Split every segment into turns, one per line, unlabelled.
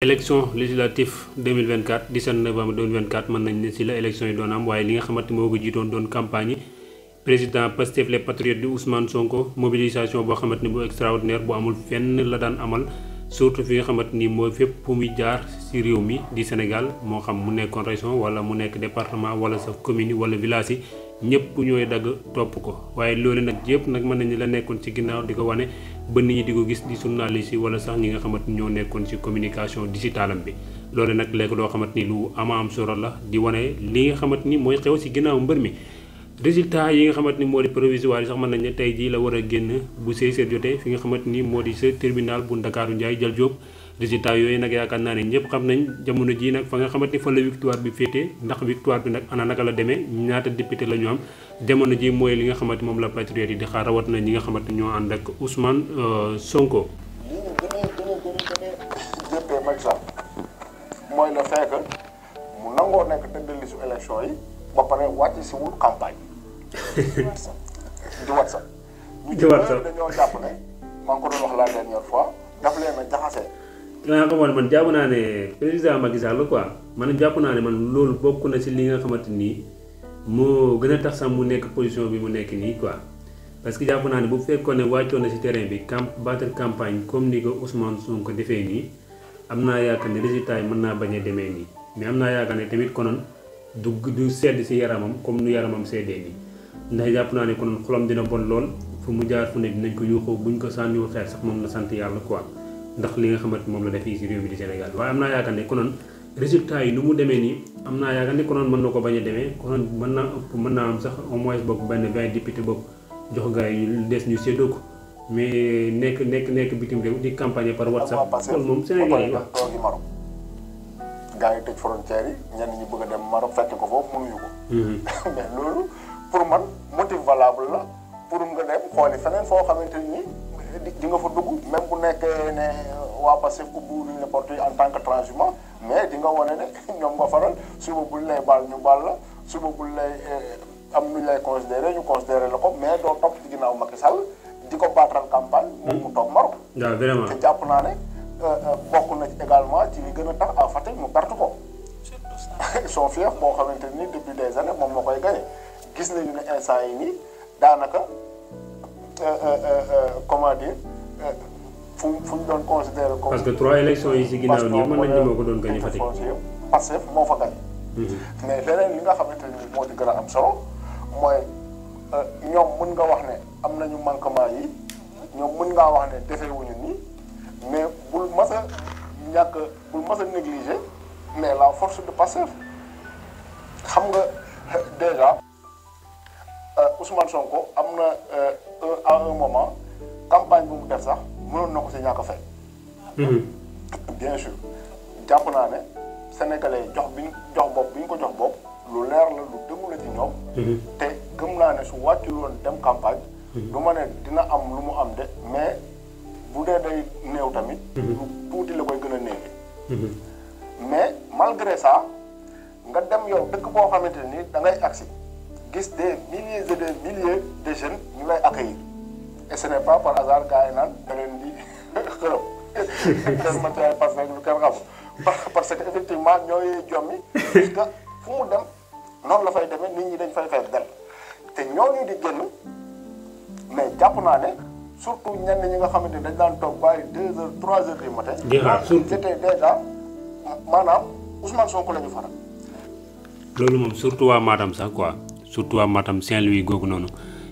élection législative 2024 17 novembre 2024 mën nañ ne si la élection yi doon am waaye li nga xamante moo ko jiitoon doon campagne yi président Pastef les patriotes di Ousmane Sonko mobilisation boo xamante ni bu extraordinaire bu amul fenn la daan amal surtout fi nga xamante ni mooy fépp fu muy jaar si réew mi di Sénégal moo xam mu nekkoon région wala mu nekk département wala sa commune wala village yi ñëpp ñooy dagg topp ko waaye loolu nag yëpp nag mën nañu la nekkoon ci ginnaaw di ko wane ba nit ñi di ko gis di journaliste yi wala sax ñi nga xamante ñoo nekkoon ci communication digitale am bi loolu nag léegi loo xamante ni lu ama am solo la di wane li nga xamante ni mooy xew ci ginnaaw mbër mi résultat yi nga xamante ni moo di provisoire yi sax mën nañ ne tey jii la war a génn bu 16h jotee fi nga xamante ni moo di sa tribunal bu Ndakaaru Ndiaye jël Diop résultat yooyu nag yaakaar naa ne ñëpp xam nañ jamono ji nag fa nga xamante fa la victoire bi féete ndax victoire bi nag ana naka la demee ñaata député la ñu am jamono ji mooy li nga xamante moom la patriote yi di xaar rawat na ñi nga xamante ñoo ànd ak Ousmane euh, Sonko. li ñu gën a gën a
gën a jëppee Macky Sall mooy le fait que mu nangoo nekk tête li su élection yi ba pare wàcc si wul campagne. di WhatsApp. di WhatsApp ñu dañoo jàpp ne maa ngi ko
doon wax la dernière fois daf leen a jaxase. dinaa ko man jàpp naa ne président Macky Sall quoi man jàpp naa ne man loolu bokk na ci li nga xamante nii moo gën a tax sax mu nekk position bi mu nekk nii quoi. parce que jàpp naa ne bu fekkoon ne wàccoon na ci terrain bi camp battre campagne comme ni ko Ousmane Sonko defee nii am naa yaakaar ne résultat yi mën naa bañ a demee nii mais am naa yaakaar ne tamit konoon du du sedd ci yaramam comme nu yaramam seddee nii ndax jàpp naa ne konoon xolam dina bon lool fu mu jaar fu ne dinañ ko yuuxoo buñ ko sànniwul xeer sax moom na sant yàlla quoi. ndax li nga xamante moom la def fii si di Sénégal waaye am naa yaakaar ne konoon résultat yi nu mu demee nii am naa yaakaar ne konoon mën na ko bañ a demee konoon mën naa ëpp mën naa am sax au moins bokk benn vingt député bokk jox gars yi des ñu séddoo ko mais nekk nekk nekk bitim de di campagne par WhatsApp. loolu moom Sénégal yi wax
gaa yi tëj frontière yi ñenn ñi bëgg a dem Maroc fekk ko foofu mënuñu ko. Mhm. mais loolu pour man motif valable la pour nga di di nga fa dugg même bu nekkee ne waa Pastef ubbiwuñu la porte en tant que transhumant mais di nga wane ne ñoom nga faral suba buñ lay baal ñu baal la suba buñ lay eh, am nuñ lay considéré ñu considéré la ko mais doo topp ci ginnaaw Macky Sall di ko baatral campagne. Hmm. mu toog Maroc.
waaw te jàpp
naa ne euh, euh, bokk na ci également ci li gën a tax à Fatick mu perte ko. son fief boo xamante ni depuis des années moom moo koy gagné gis nañu ne instant yi nii daanaka. Euh, euh, euh, comment dire fu fu ñu doon considéré comme. parce que trois élections yi si ginnaaw nii mën nañu ma ko doon gagné Fatick. Pastef moo fa gagné. Mhm. mais leneen li nga xamante ni moo ci gën am solo mooy ñoom mën nga wax ne am nañu manquement yi ñoom mën ngaa wax ne wuñu nii mais bul ma a ñàkk bul mas a négliger mais la force de Pastef xam nga déjà. Euh, Ousmane Sonko am na euh, à un moment campagne bu mu def sax mënoon na ko si ñàkk a fay. Mhm. bien sûr
jàpp naa ne sénégalais jox bi ñu jox bopp bi ñu ko jox bopp lu leer la lu dëggu la
ñoom. Mhm. te gëm naa ne su wàccul woon dem campagne. Mhm. du ma ne dina am lu mu am de mais bu dee day néew tamit. lu tuuti la koy gën a néew. mais malgré ça nga dem yow dëkk boo xamante nii da ngay agsi. gis des milliers et des milliers de jeunes ñu lay accueillir et ce n'est pas par hasard gars yi naan da di xërëm kenn mënta yaay parce que effectivement ñooy jommi parce que fu mu dem noonu la fay demee nit ñi dañ fay fay del te ñooñu di génn mais jàpp naa ne surtout ñenn ñi nga xamante ni dañ daan toog bàyyi deux heures trois heures du matin. déjà surtout la ñu faral.
moom surtout waa Matam sax quoi. surtout waa Matam Saint-Louis googu noonu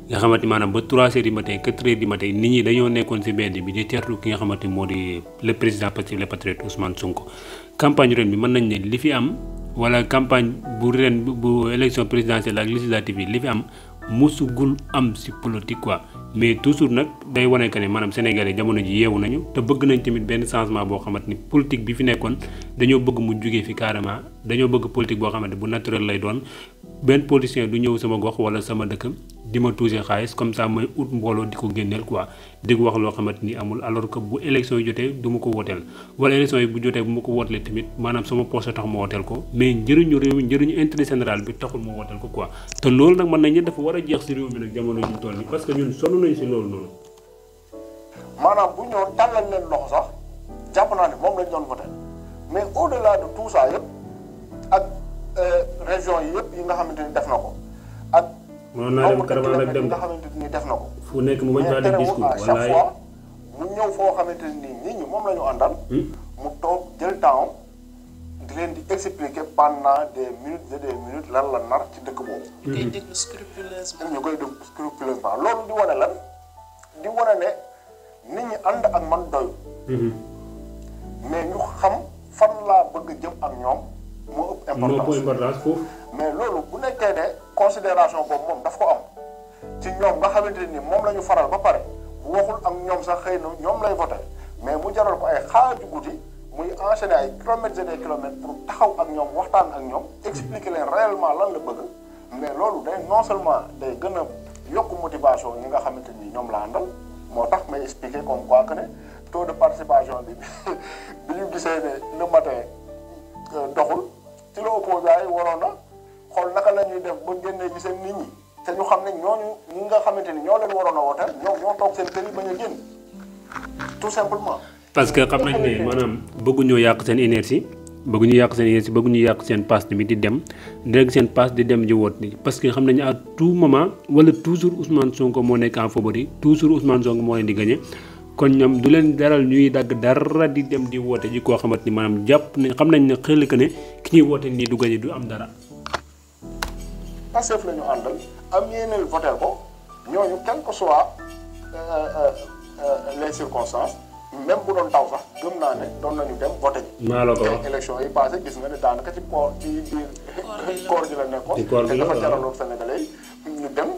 nga xamante maanaam ba 3 heures du matin 4 heures du matin nit ñi dañoo nekkoon si mbedd bi di teerlu ki nga xamante moo di le président Pastef le patriote Ousmane Sonko campagne ren bi mën nañ ne li fi am wala campagne bu ren bu élection présidentielle ak législative yi li fi am musugul am si politique quoi mais toujours nag day wane que ne maanaam sénégalais jamono ji yeewu nañu te bëgg nañ tamit benn changement boo xamante ni politique bi fi nekkoon dañoo bëgg mu jugee fi carrément dañoo bëgg politique boo xamante bu naturel lay doon benn politicien du ñëw sama gox wala sama dëkk di ma toucher xaalis comme ça may ut mbooloo di ko génneel quoi di wax loo xamante ni amul alors que bu élection yi jotee du ma ko wooteel wala élection yi bu jotee bu ma ko wootelee tamit maanaam sama poche tax ma wooteel ko mais njëriñu réew mi njëriñu intérêt général bi taxul ma wooteel ko quoi te loolu nag mën nañ ne dafa war a jeex si réew mi nag jamono ñu toll nii parce que ñun sonn nañ si loolu noonu.
maanaam bu ñëw tàllal leen loxo sax Euh, région yi yëpp yi nga xamante ni def na ko
ak. mënoon naa dem caravane rek dem nga
xamante ni def na ko.
fu nekk mu bañ faa def discours chaque fois
mu foo xamante ni nit ñi moom la ñu àndal. Hmm? mu toog jël temps di leen di expliquer pendant des minutes et des minutes lan la nar ci dëkk boobu. ñu hmm. ñu koy déglu scrupuleusement loolu di wane lan di wane ne nit ñi ànd ak man doy. Hmm. mais ñu xam fan laa bëgg jëm ak ñoom. moo ëpp importance mais loolu bu nekkee ne considération boobu moom daf ko am ci ñoom nga xamante ni moom la ñu faral ba pare bu waxul am ñoom sax xëy na ñoom lay voté mais mu jaral ko ay xaaju guddi muy enchaîner ay kilomètres et des kilomètres pour taxaw ak ñoom waxtaan ak ñoom expliquer leen réellement lan la bëgg mais loolu day non seulement day gën a yokk motivation yi nga xamante ni ñoom la àndal moo tax may expliquer comme quoi que ne taux de participation bi bi ñu gisee ne le doxul ci la opposants yi waroon na naka la ñuy ba génnee ci seen nit ñi te ñu xam ne ñooñu ñi nga xamante ni ñoo leen waroon a wooteel ñoo toog seen kër yi bañ a génn parce que xam nañ ne maanaam
bëgguñoo yàq seen énergie. bëgg ñu yàq seen yéen bëgg ñu yàq seen passe bi di dem di rek seen passe di dem di woot ni parce que xam nañu à tout moment wala toujours Ousmane Sonko moo nekk foofu en favori toujours Ousmane Sonko moo leen di gagné. kon ñam du leen daral ñuy dagg dara di dem di woote ji koo xamante ni maanaam jàpp nañ xam nañ ne xel que ne ki ñuy woote nii du gañe du am dara.
Pastef la àndal am yéeneel voté ko ñooñu quel ko soit euh, euh, euh, les circonstances. même bu doon taw sax gëm naa ne doon nañu dem voté ji. maa la ko wax élection yi passé gis nga ne daanaka ci koor ci biir. koor la nekkoon ci koor gi la dafa jaraloon Sénégalais yi ñu dem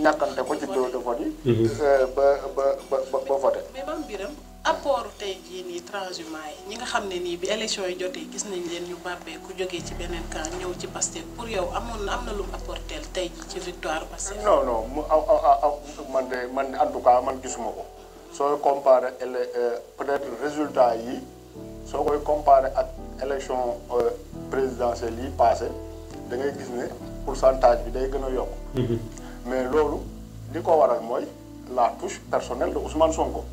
ñàkkante ko ci bureau de vote yi. Mhm. Euh, ba ba ba ba voté. mais Mame Birame apport nii transhumant yi ñi nga xam ne nii bi élection yi jotee gis nañ leen ñu bàbbee ku jógee ci beneen camp ñëw ci Pastef pour yow amoon na am na lu mu apporté tey ci victoire Pastef. non non mu aw aw aw man de man en tout cas man gisuma ko. Si comparé ele euh, peut-être résultat si on koy comparé ak élection euh, présidentielle passée, passé da ngay pourcentage bi day gën a mhm. mais loolu li ko la touche personnelle de Ousmane Sonko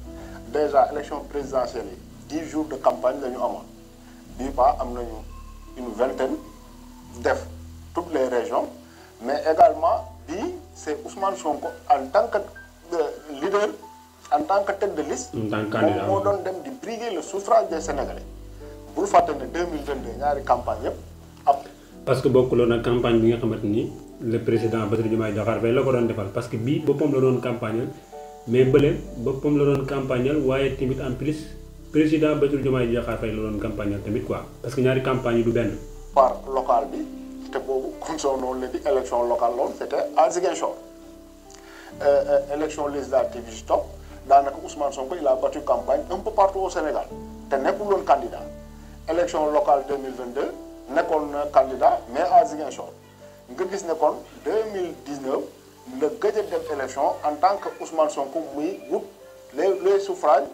déjà élection présidentielle 10 jours de campagne la ñu amoon une vingtaine def toutes les régions mais également c'est Ousmane Sonko en tant que euh, leader en tant que tête de
moom moo doon
dem di briguer le suffrage des sénégalais. bul fàtte ñaari campagne yëpp am.
parce que bokkuloon ak campagne bi nga xamante ni le président Bassirou Diomaye Diakhar Faye la ko doon defal parce que bii boppam la doon campagnal mais bële boppam la doon campagnal waaye tamit en plus président ba Bassirou Diomaye Diakhar Faye la doon campagnal tamit quoi parce que ñaari campagne yi du benn.
par local bi te boobu comme soo noonu la di élection locale loolu à Ziguinchor euh, euh, élection législative yi Ousmane Sonko il a battu campagne un peu partout au Sénégal té pas de candidat élection locale 2022 pas de candidat mais à Ziguinchor nga gis ne kon 2019 le gëj a def élection en tant que Ousmane Sonko muy wut les les suffrages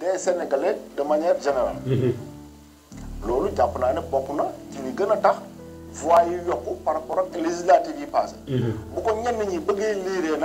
des Sénégalais de manière générale.
Mm-hmm.
lolu jàpp naa ne bokk na ci li gëna tax voix yu yokku par rapport ak la yi passé mm-hmm. ko ñenn ñi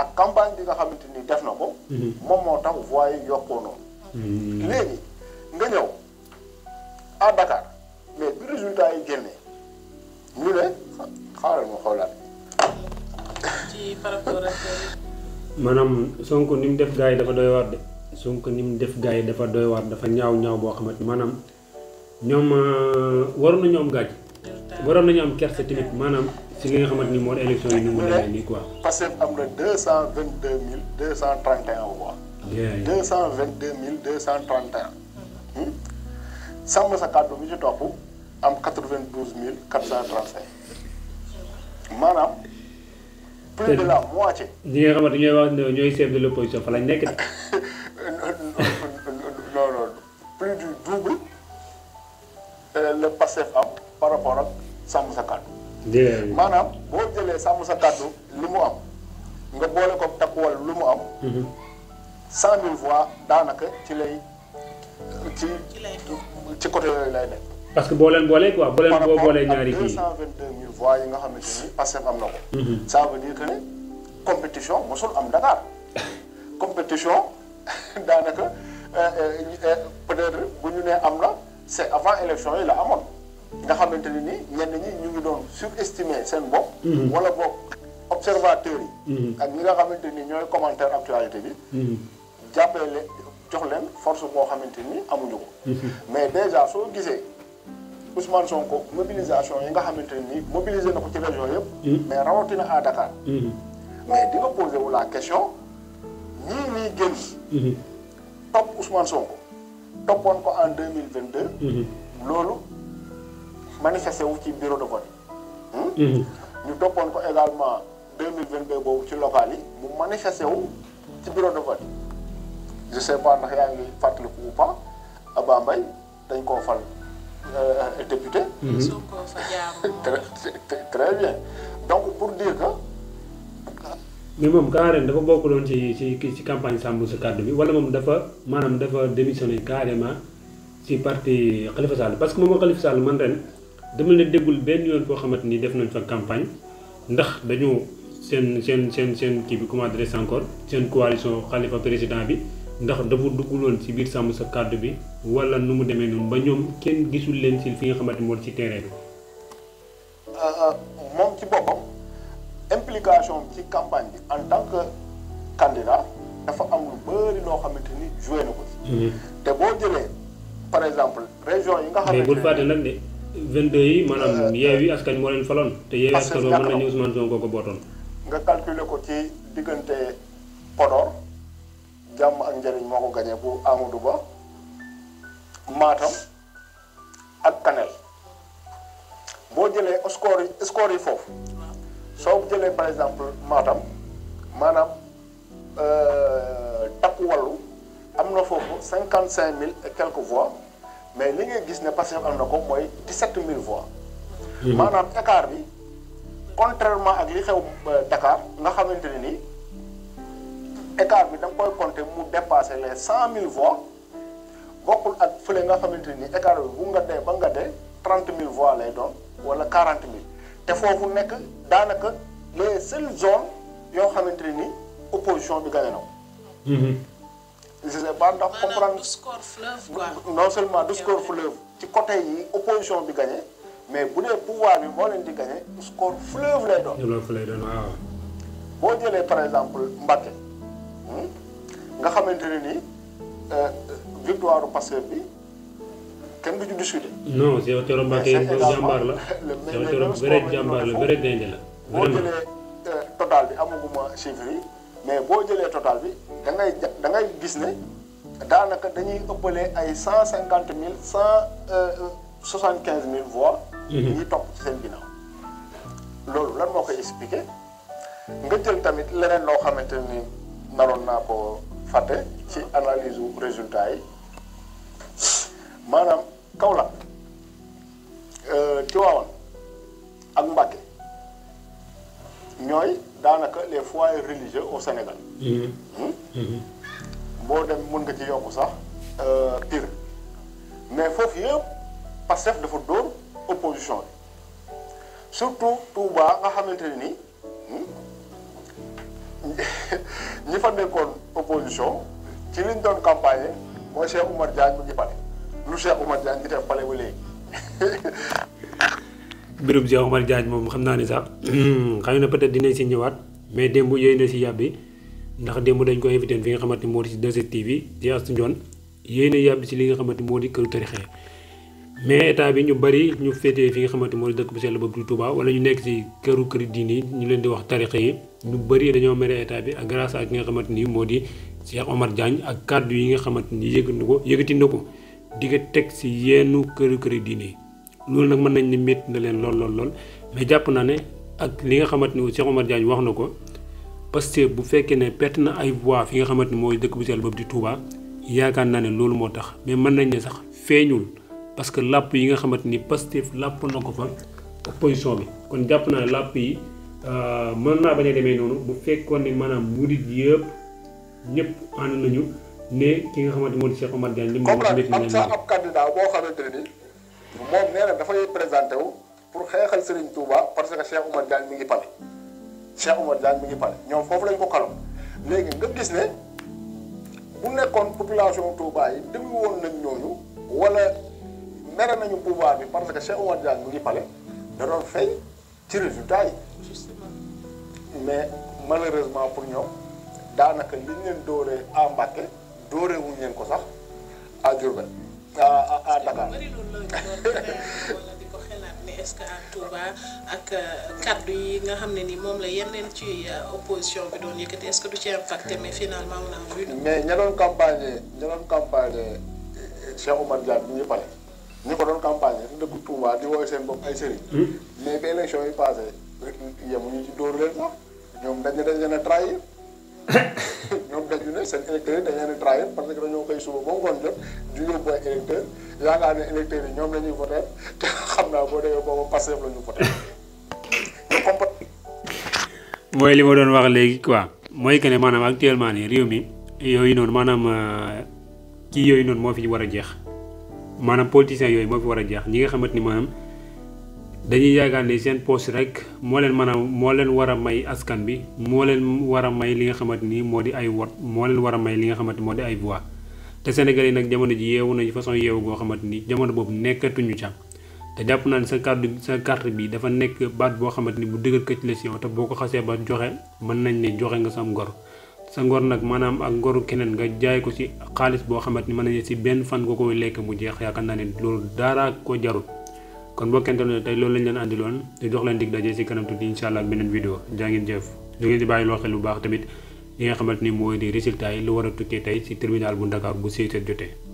ak campagne bi nga xamante ni def na ko. Mhm. moom moo tax voix yi yokkoo noonu. Mhm. léegi nga ñëw à Dakar mais bi résultat yi génnee ñu ne xaaral ma xoolaat. ci par rapport ak.
Euh, maanaam ni mu def gars yi dafa doy waar de. Sonko ni mu def gars yi dafa doy waar dafa ñaaw ñaaw boo xamante maanaam ñoom euh, waroon nañu ñoom gàcce. waroon nañu am kersa tamit maanaam. si li nga xamante ni moo di élection yi ni mu demee nii quoi.
Pastef am na deux cent vingt deux mille deux cent trente un cent vingt deux mille deux cent trente et hmm? sàmm sa kàddu bi ci topp am quatre mille quatre cent trente maanaam. plus de la moitié.
ñi nga xamante ñooy wax ñooy chef de l' opposition lañ nekk.
non non plus du double euh, le Pastef am par rapport ak sàmm sa kàddu. maanaam boo jëlee sàmm sa kàddu li mu am nga boole ko takkuwal lu mu am. Mhm. cent mille voix daanaka ci lay ci ci côté yooyu lay nekk.
parce que boo leen boole quoi boo leen boo boolee ñaari kii. deux cent
vingt deux mille yi nga xamante ni Pastef am na ko. Mhm. ça veut dire que ne compétition mosul am Dakar compétition daanaka euh, euh, euh, peut-être bu ñu nee am na c'est avant élection yi la amoon. nga xamanteni ni ñenn ñi ñu ngi doon surestimer seen bopp. Mhm. wala boog observateurs yi. Mhm. ak ñi nga xamanteni ni ñooy commentaire actualité bi. Mhm. jàppee leen jox leen force boo xamante ni amuñu ko. mais déjà soo gisee Ousmane Sonko mobilisation yi nga xamante ne nii na ko ci région yëpp. mais rawatina à Dakar. mais di nga posé wu la question ñii ñuy génn. top Ousmane Sonko toppoon ko en 2022 mille loolu. manifesté wu ci bureau de vote hmm? mhm. ñu toppoon ko également deux mille boobu ci local yi mu manifesté wu ci bureau de vote yi. je sais pas ndax yaa ngi fàttaliku ou Abba Mbaye
dañ koo fal euh, député. Mhm. ko fa jaaroo très très bien donc pour dire que. mais moom carrément dafa bokk doon ci ci ci campagne Sàmm sa kàddu bi wala moom dafa maanaam dafa démissionné carrément ci parti Khalifa Sall parce que moom Khalifa Sall man ren. dama la déggul benn yoon koo xamante ni def nañ fa campagne ndax dañoo seen seen seen seen kii bi comment dirais-je encore seen coalition xalifa président bi ndax dafa dugguloon ci biir sàmm sa kàddu bi wala nu mu demee noonu ba ñoom kenn gisul leen ci fi nga xamante moo ci ah,
ah, moom ci boppam implication ci campagne bi en tant que candidat dafa am lu bëri loo xamante ni joué
ko ci. Mm-hmm. te boo jëlee par exemple région yi nga. xamante ne mais bul nag de. 22 yi maanaam euh, yeewi euh, askan moo leen faloon. te yeewi askan woo mën nañu Ousmane Sonko ko bootoon. nga
calculer ko ci diggante Podor jàmm ak njëriñ moo ko gañee bu Amadou Ba ak Kanel boo jëlee score yi score yi foofu soo jëlee par exemple Matam maanaam euh, takku wallu am na foofu cinquante cinq mille ak quelque voix. mais ce que vous voyez passé en 17 000 voix. Mhm. Maintenant, contrairement à ce que Dakar, vous savez que l'écart, vous dépasser les 100 000 voix. Vous pouvez vous de 30 000 voix, dépassé ou 40 000. Et il faut que les seules zones, vous savez que l'opposition est gagnée. Mmh. ba ndax comprendre non seulement du score fleuve ci côté yi opposition bi gagné mais bu dee pouvoir bi moo leen di gagné score fleuve lay doon
boo jëlee par exemple Mbacké hmm, nga
xamante ni nii euh, euh, victoire Pastef bi
kenn du ci discuté. non Cheikh Thioro Mbacké jàmbaar la Cheikh jàmbaar la boo jëlee
euh, total bi amaguma chiffre yi mais boo jëlee total bi da ngay gis ne. le dañuy ëppale ay il y euh, voix. Mhm. ñuy topp ci seen ginnaaw. loolu lan vais vous expliquer nga jël tamit ci analyse résultat yi euh, ak les foyers religieux au Sénégal. Mhm. Hmm? Mhm. boo dem mën nga ci yokk sax pire euh, mais foofu yëpp dafa opposition bi surtout Touba nga xamante ni hmm, ñi fa nekkoon opposition ci liñ doon campagne mooy Cheikh Oumar Diagne mu ngi pale lu Cheikh Oumar Diagne ngi def pale ba léegi
mbirum Cheikh Oumar Diagne moom xam naa ni sax hmm, xëy na peut être dinañ si ñëwaat mais démb yooyu na si yàbbi ndax démb dañ ko invité fi nga xamante ni moo di ci 2STV di Astou Ndione yéen yàbbi ci li nga xamante moo di këru tarixe mais état bi ñu bari ñu féetee fi nga xamante moo di dëkk bu ba du Touba wala ñu nekk ci këru këri yi ñu leen di wax tarixe yi ñu bari dañoo mere état bi ak grâce ak nga xamante ni moo di Cheikh Omar Diagne ak kàddu yi nga xamante ni yëgati na ko yëg na ko di nga teg ci yeenu këru këri diine yi loolu nag mën nañ ni métti na leen lool lool lool mais jàpp naa ne ak li nga xamante ni Cheikh Omar Diagne wax na ko Pastef bu fekkee ne perte na ay voix fi nga xamante ni mooy dëkk bu sell boobu di Touba yaakaar naa ne loolu moo tax mais man nañ ne sax feeñul parce que làpp yi nga xamante ni Pastef làpp na ko fa opposition bi kon jàpp naa làpp yi euh, mën naa bañ a demee noonu bu fekkoon ne maanaam murit yëpp ñëpp ànd nañu ne ki nga xamante moo di Cheikh Omar Diagne li mu wax nekk nañ
leen moom nee dafay présenté pour xeexal Serigne Touba parce que Cheikh Omar Diagne mi ngi pale Cheikh Oumar Diagne mi ngi pare ñoom foofu lañ ko kaloon léegi nga gis ne bu nekkoon population Touba yi déglu woon nañ ñooñu wala mere nañu pouvoir bi parce que Cheikh Oumar Diagne mi ngi pare da doon fay ci résultat yi. mais malheureusement pour ñoom daanaka liñ leen dooree à Mbacké dooree wuñ leen ko sax à Diourbel à à est-ce que à Touba ak euh, kaddu yi nga xam ne ni moom la yeneen ci euh, opposition bi doon yëkkati est-ce que du ci am facteur mais finalement on a vu. mais ña doon campagne ña doon campagne bu ñu pare ñu ko doon campagne te dëkk Touba di woowee seen bopp ay sëriñ. Hmm? mais bi élection yi passé yemuñu ci dóor leen sax ñoom dañ ne dañ leen a trahir. ne seen électeurs yi dañ leen parce que dañoo xëy suba ba ngoon jot di yóbbu ay électeurs yaakaar ne électeurs ñoom la ñuy voté te xam naa boo déggee boobu Pastef la ñu voté.
mooy li ma doon wax léegi quoi mooy que ne maanaam actuellement nii réew mi yooyu noonu maanaam euh, kii yooyu noonu moo fi war a jeex maanaam politiciens yooyu moo fi war a jeex ñi nga xamante ni maanaam. dañuy yaakaar ne seen poste rek moo leen mën a moo leen may askan bi moo leen war a may li nga xamante ni moo di ay wot moo leen war a may li nga xamante moo di ay voix te Sénégal yi nag jamono ji yeewu nañu façon yeewu goo xamante ni jamono boobu nekkatuñu ca te jàpp naa ne sa carte sa carte bi dafa nekk baat boo xamante ni bu dëgër këcc la si yow te boo ko xasee ba joxe mën nañ ne joxe nga sam ngor sa ngor nag maanaam ak ngoru keneen nga jaay ko si xaalis boo xamante ni mën nañ si Ben fan ko koy lekk mu jeex yaakaar naa ne loolu dara ko jarul kon mbokkante ne tey loolu lañ leen àndiloon di jox leen dig daje ci kanam tuuti incha allah ak beneen vidéo jaa ngeen jëf ñu ngeen di loo xel bu baax tamit li nga xamante ni mooy di résultat yi lu war a tukkee tey ci tribunal bu Ndakaar bu 16h jotee.